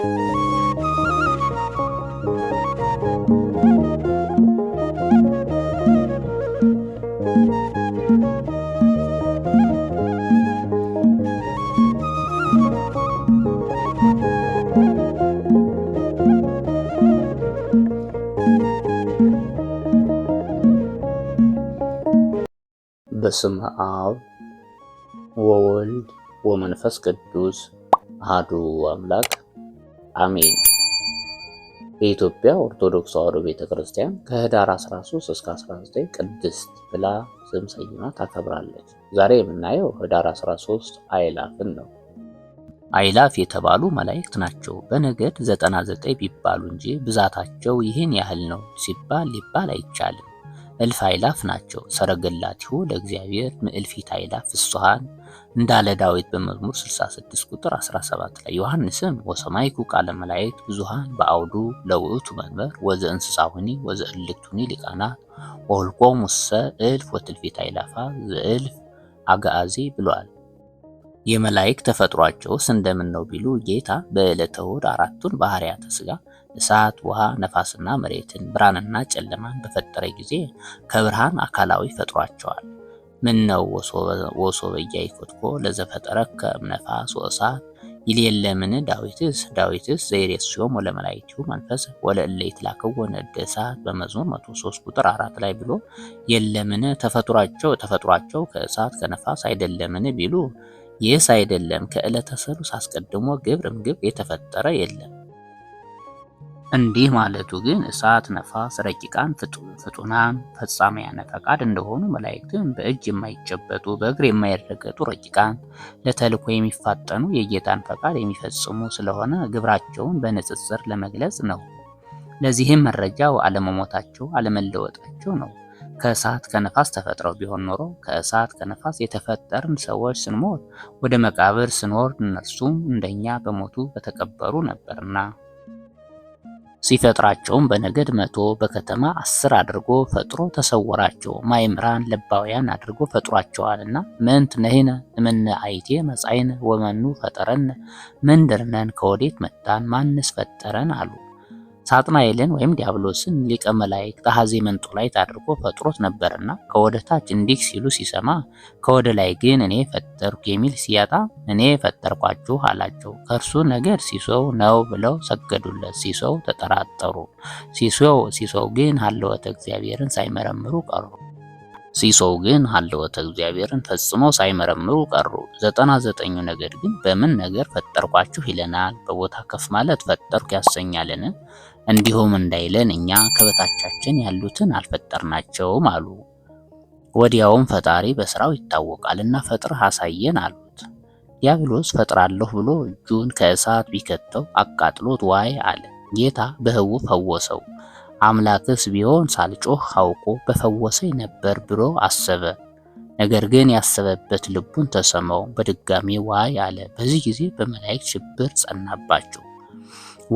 በስም አብ ወወልድ ወመንፈስ ቅዱስ አሐዱ አምላክ አሜን። የኢትዮጵያ ኦርቶዶክስ ተዋሕዶ ቤተ ክርስቲያን ከህዳር 13 እስከ 19 ቅድስት ብላ ስም ሰይማ ታከብራለች። ዛሬ የምናየው ህዳር 13 አይላፍን ነው። አይላፍ የተባሉ መላእክት ናቸው። በነገድ 99 ቢባሉ እንጂ ብዛታቸው ይህን ያህል ነው ሲባል ሊባል አይቻልም። እልፍ አይላፍ ናቸው። ሰረገላቲሁ ለእግዚአብሔር ምእልፊት አይላፍ ፍስሐን እንዳለ ዳዊት በመዝሙር 66 ቁጥር 17 ላይ ዮሐንስም ወሰማይኩ ቃለ መላእክት ብዙሃን በአውዱ ለውእቱ መንበር ወዘ እንስሳሁኒ ወዘ እልክቱኒ ሊቃናት ወልቆ ሙሰ እልፍ ወትልፊት አይላፋ ዘእልፍ አጋአዚ ብሏል። የመላእክት ተፈጥሯቸውስ እንደምን ነው ቢሉ ጌታ በዕለተ እሑድ አራቱን ባህሪያተ ስጋ እሳት፣ ውሃ፣ ነፋስና መሬትን ብርሃንና ጨለማን በፈጠረ ጊዜ ከብርሃን አካላዊ ፈጥሯቸዋል። ምን ነው ወሶ በያይኮትኮ ለዘፈጠረከ እምነፋስ ወእሳት ይልየለምን ዳዊትስ ዳዊትስ ዘይሬስዮም ወለመላእክቲሁ መንፈስ ወለእለ ይትላከው ወነደ እሳት በመዝሙር 103 ቁጥር 4 ላይ ብሎ የለምን ተፈጥሯቸው ተፈጥሯቸው ከእሳት ከነፋስ አይደለምን ቢሉ ይህስ አይደለም ከዕለተ ሠሉስ አስቀድሞ ግብርም ግብር የተፈጠረ የለም። እንዲህ ማለቱ ግን እሳት፣ ነፋስ፣ ረቂቃን ፍጡናን፣ ፈጻሚያነ ፈቃድ እንደሆኑ መላእክትን በእጅ የማይጨበጡ በእግር የማይረገጡ ረቂቃን ለተልኮ የሚፋጠኑ የጌታን ፈቃድ የሚፈጽሙ ስለሆነ ግብራቸውን በንጽጽር ለመግለጽ ነው። ለዚህም መረጃ አለመሞታቸው አለመለወጣቸው ነው። ከእሳት ከነፋስ ተፈጥረው ቢሆን ኖሮ ከእሳት ከነፋስ የተፈጠርን ሰዎች ስንሞት ወደ መቃብር ስንወርድ እነርሱም እንደኛ በሞቱ በተቀበሩ ነበርና ሲፈጥራቸውም በነገድ መቶ በከተማ አስር አድርጎ ፈጥሮ ተሰወራቸው። ማይምራን ልባውያን አድርጎ ፈጥሯቸዋልና ምንት ነህነ እምነ አይቴ መጻይን ወመኑ ፈጠረን ምንድርነን ከወዴት መጣን ማንስ ፈጠረን አሉ። ሳጥናኤልን ወይም ዲያብሎስን ሊቀ መላእክት መንጦ ላይ አድርጎ ፈጥሮት ነበርና ከወደ ታች እንዲህ ሲሉ ሲሰማ ከወደ ላይ ግን እኔ ፈጠርኩ የሚል ሲያጣ እኔ ፈጠርኳችሁ አላቸው። ከእርሱ ነገር ሲሶው ነው ብለው ሰገዱለት። ሲሶው ተጠራጠሩ። ሲሶው ሲሶው ግን ሀልወተ እግዚአብሔርን ሳይመረምሩ ቀሩ። ሲሶው ግን ሀልወተ እግዚአብሔርን ፈጽመው ሳይመረምሩ ቀሩ። ዘጠና ዘጠኙ ነገድ ግን በምን ነገር ፈጠርኳችሁ ይለናል? በቦታ ከፍ ማለት ፈጠርኩ ያሰኛልን? እንዲሁም እንዳይለን እኛ ከበታቻችን ያሉትን አልፈጠርናቸውም አሉ። ወዲያውም ፈጣሪ በስራው ይታወቃልና ፈጥረህ አሳየን አሉት። ዲያብሎስ ፈጥራለሁ ብሎ እጁን ከእሳት ቢከተው አቃጥሎት ዋይ አለ። ጌታ በህው ፈወሰው። አምላክስ ቢሆን ሳልጮህ አውቆ በፈወሰኝ ነበር ብሎ አሰበ። ነገር ግን ያሰበበት ልቡን ተሰማው። በድጋሚ ዋይ አለ። በዚህ ጊዜ በመላእክት ሽብር ጸናባቸው።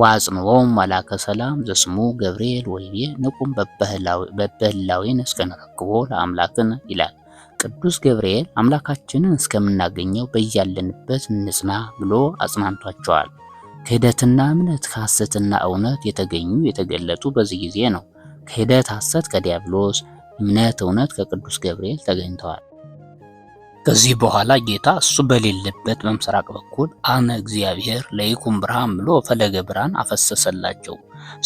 ወአጽንዖም መላከ ሰላም ዘስሙ ገብርኤል ወይቤ ንቁም በበህላዊን እስከንረክቦ ለአምላክን ይላል። ቅዱስ ገብርኤል አምላካችንን እስከምናገኘው በያለንበት ንጽና ብሎ አጽናንቷቸዋል። ክህደትና እምነት ከሐሰትና እውነት የተገኙ የተገለጡ በዚህ ጊዜ ነው። ክህደት ሐሰት ከዲያብሎስ እምነት እውነት ከቅዱስ ገብርኤል ተገኝተዋል። ከዚህ በኋላ ጌታ እሱ በሌለበት በምስራቅ በኩል አነ እግዚአብሔር ለይኩን ብርሃን ብሎ ፈለገ ብርሃን አፈሰሰላቸው።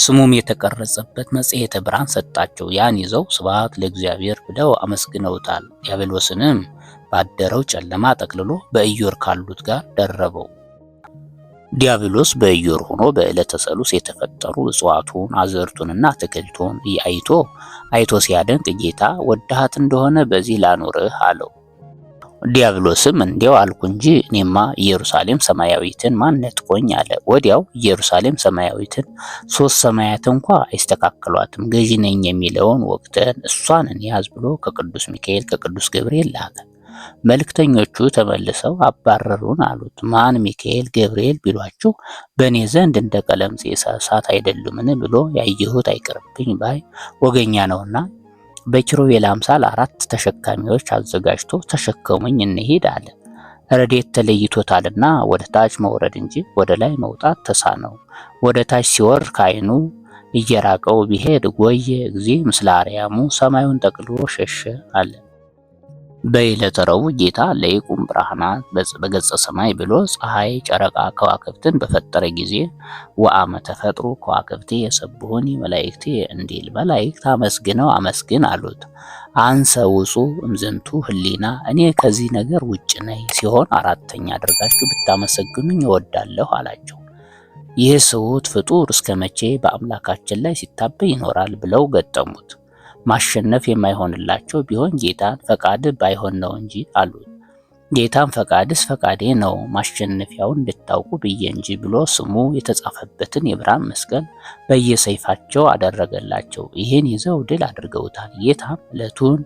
ስሙም የተቀረጸበት መጽሔተ ብርሃን ሰጣቸው። ያን ይዘው ስብሐት ለእግዚአብሔር ብለው አመስግነውታል። ዲያብሎስንም ባደረው ጨለማ ጠቅልሎ በኢዮር ካሉት ጋር ደረበው። ዲያብሎስ በኢዮር ሆኖ በዕለተ ሰሉስ የተፈጠሩ እጽዋቱን አዘርቱንና አትክልቱን አይቶ አይቶ ሲያደንቅ ጌታ ወዳሃት እንደሆነ በዚህ ላኖርህ አለው። ዲያብሎስም እንዲያው አልኩ እንጂ እኔማ ኢየሩሳሌም ሰማያዊትን ማን ነጥቆኝ አለ። ወዲያው ኢየሩሳሌም ሰማያዊትን ሶስት ሰማያት እንኳ አይስተካከሏትም፣ ገዢ ነኝ የሚለውን ወቅተን እሷን እንያዝ ብሎ ከቅዱስ ሚካኤል ከቅዱስ ገብርኤል ላከ። መልእክተኞቹ ተመልሰው አባረሩን አሉት። ማን ሚካኤል ገብርኤል ቢሏችሁ በእኔ ዘንድ እንደ ቀለም የእሳት አይደሉምን ብሎ ያየሁት አይቀርብኝ ባይ ወገኛ ነውና በኪሩቤል አምሳል አራት ተሸካሚዎች አዘጋጅቶ ተሸከሙኝ እንሄድ አለ። ረዴት ተለይቶታልና ወደ ታች መውረድ እንጂ ወደ ላይ መውጣት ተሳነው። ወደ ታች ሲወርድ ከአይኑ እየራቀው ቢሄድ ጎየ ጊዜ ምስለ አርያሙ ሰማዩን ጠቅልሎ ሸሸ አለ። በዕለተ ረቡዕ ጌታ ለይቁም ብርሃናት በገጸ ሰማይ ብሎ ፀሐይ፣ ጨረቃ፣ ከዋክብትን በፈጠረ ጊዜ ወአመ ተፈጥሩ ከዋክብቴ የሰብሁኒ መላእክቴ እንዲል መላእክት አመስግነው አመስግን አሉት። አንሰ ውጹ እምዝንቱ ህሊና እኔ ከዚህ ነገር ውጭ ነኝ ሲሆን አራተኛ አድርጋችሁ ብታመሰግኑኝ እወዳለሁ አላቸው። ይህ ስውት ፍጡር እስከ መቼ በአምላካችን ላይ ሲታበይ ይኖራል ብለው ገጠሙት። ማሸነፍ የማይሆንላቸው ቢሆን ጌታን ፈቃድ ባይሆን ነው እንጂ አሉት። ጌታን ፈቃድስ ፈቃዴ ነው ማሸነፊያውን እንድታውቁ ብዬ እንጂ ብሎ ስሙ የተጻፈበትን የብርሃን መስቀል በየሰይፋቸው አደረገላቸው። ይህን ይዘው ድል አድርገውታል። ጌታም ዕለቱን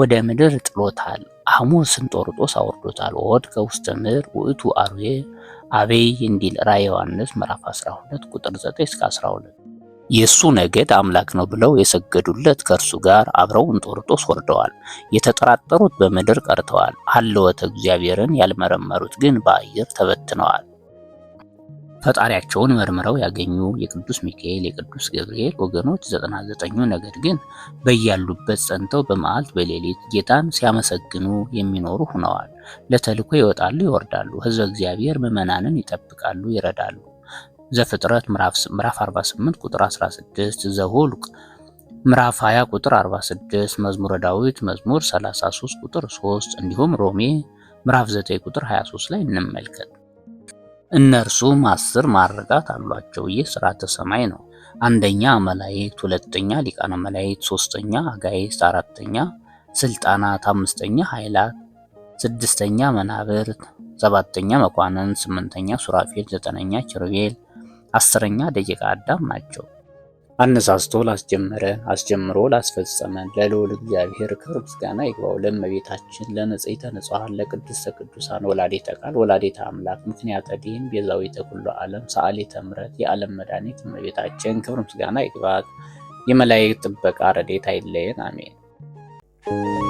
ወደ ምድር ጥሎታል። ሐሙስን ጦርጦስ አውርዶታል። ወድ ከውስተ ምድር ውእቱ አርዌ አቤይ እንዲል ራእየ ዮሐንስ ምዕራፍ 12 ቁጥር 9 እስከ 12 የእሱ ነገድ አምላክ ነው ብለው የሰገዱለት ከእርሱ ጋር አብረው እንጦርጦስ ወርደዋል። የተጠራጠሩት በምድር ቀርተዋል። አለወተ እግዚአብሔርን ያልመረመሩት ግን በአየር ተበትነዋል። ፈጣሪያቸውን መርምረው ያገኙ የቅዱስ ሚካኤል፣ የቅዱስ ገብርኤል ወገኖች ዘጠና ዘጠኙ ነገድ ግን በያሉበት ጸንተው በመዓልት በሌሊት ጌታን ሲያመሰግኑ የሚኖሩ ሆነዋል። ለተልኮ ይወጣሉ፣ ይወርዳሉ። ሕዝበ እግዚአብሔር ምዕመናንን ይጠብቃሉ፣ ይረዳሉ። ዘፍጥረት ምዕራፍ 48 ቁጥር 16፣ ዘሁልቅ ምዕራፍ 20 ቁጥር 46፣ መዝሙረ ዳዊት መዝሙር 33 ቁጥር 3 እንዲሁም ሮሜ ምዕራፍ 9 ቁጥር 23 ላይ እንመልከት። እነርሱም አስር ማረጋት አሏቸው። ይህ ስርዓተ ሰማይ ነው። አንደኛ መላእክት፣ ሁለተኛ ሊቃነ መላእክት፣ ሶስተኛ አጋይስ፣ አራተኛ ስልጣናት፣ አምስተኛ ኃይላት፣ ስድስተኛ መናብርት፣ ሰባተኛ መኳንንት፣ ስምንተኛ ሱራፌል፣ ዘጠነኛ ኪሩቤል አስረኛ ደቂቃ አዳም ናቸው። አነሳስቶ ላስጀመረ አስጀምሮ ላስፈጸመ ለልዑል እግዚአብሔር ክብር ምስጋና ይግባው። ለእመቤታችን ለንጽሕተ ንጹሐን ለቅድስተ ቅዱሳን ወላዲተ ቃል ወላዲተ አምላክ ምክንያተ ዲን ቤዛዊተ ኩሉ ዓለም ሰአሊተ ምሕረት የዓለም መድኃኒት እመቤታችን ክብር ምስጋና ይግባት። የመላእክት ጥበቃ ረድኤታ አይለየን። አሜን።